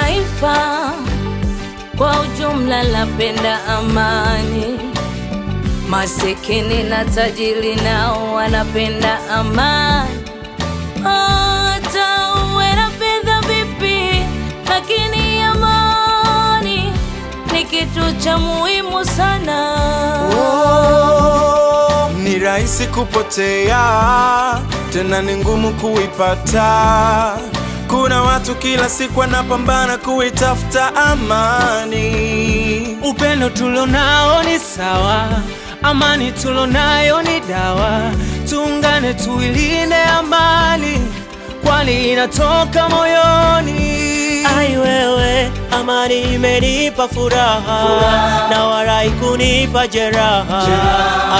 taifa kwa ujumla lapenda amani, masikini na tajiri nao wanapenda amani. Hata uwe na fedha vipi, lakini amani ni kitu cha muhimu sana. Oh, ni rahisi kupotea, tena ni ngumu kuipata kuna watu kila siku wanapambana kuitafuta amani. Upendo tulionao ni sawa, amani tulionayo ni dawa. Tuungane tuilinde amani, kwani inatoka moyoni. Ai wewe, amani imenipa furaha, Na warai kunipa jeraha.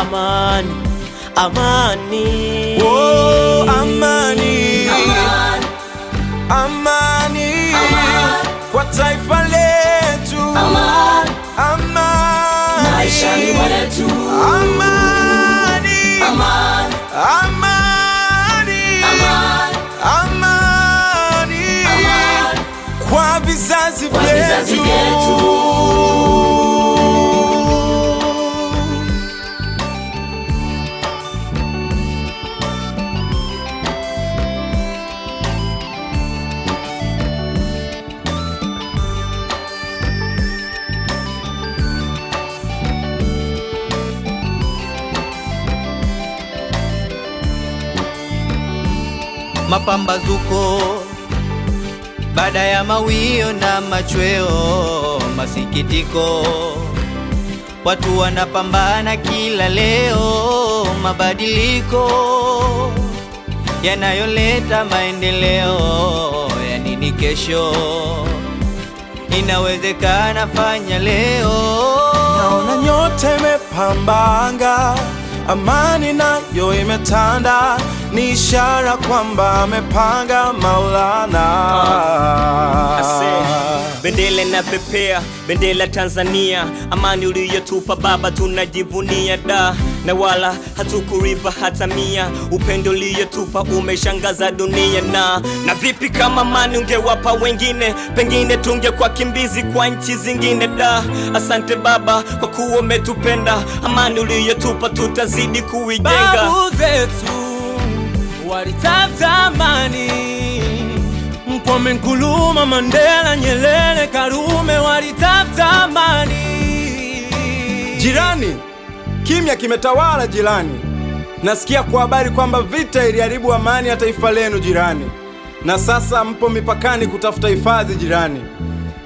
Amani, amani taifa letu. Amani, amani maishani mwetu. Amani, amani, amani, amani, amani, amani kwa vizazi vyetu. mapambazuko baada ya mawio na machweo, masikitiko watu wanapambana kila leo, mabadiliko yanayoleta maendeleo ya nini kesho? Inawezekana, fanya leo. Naona nyote mepambanga amani nayo imetanda, ni ishara kwamba amepanga Maulana. bendele na pepea bendele Tanzania, amani uliyotupa Baba tunajivunia da na wala hatukuriva hata mia. Upendo uliotupa umeshangaza dunia, na na vipi kama mani ungewapa wengine, pengine tungekuwa kimbizi kwa nchi zingine. Da, asante Baba kwa kuwa umetupenda, amani uliyotupa tutazidi kuijenga. Babu zetu walitafuta amani, Kwame Nkrumah, Mandela, Nyerere, Karume walitafuta amani. Jirani Kimya kimetawala jirani. Nasikia kwa habari kwamba vita iliharibu amani ya taifa lenu jirani, na sasa mpo mipakani kutafuta hifadhi jirani.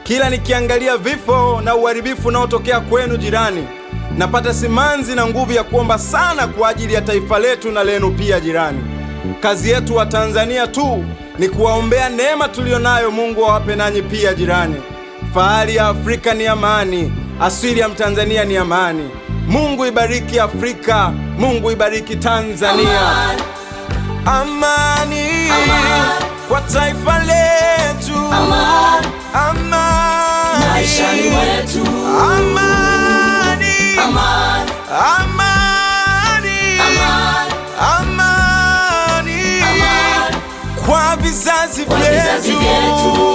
Kila nikiangalia vifo na uharibifu unaotokea kwenu jirani, napata simanzi na nguvu ya kuomba sana kwa ajili ya taifa letu na lenu pia jirani. Kazi yetu wa Tanzania tu ni kuwaombea neema tuliyonayo, Mungu awape nanyi pia jirani. Fahari ya Afrika ni amani, asili ya Mtanzania ni amani. Mungu ibariki Afrika, Mungu ibariki Tanzania. Amani, amani kwa taifa letu, amani, amani amani, amani, amani, amani kwa vizazi vyetu.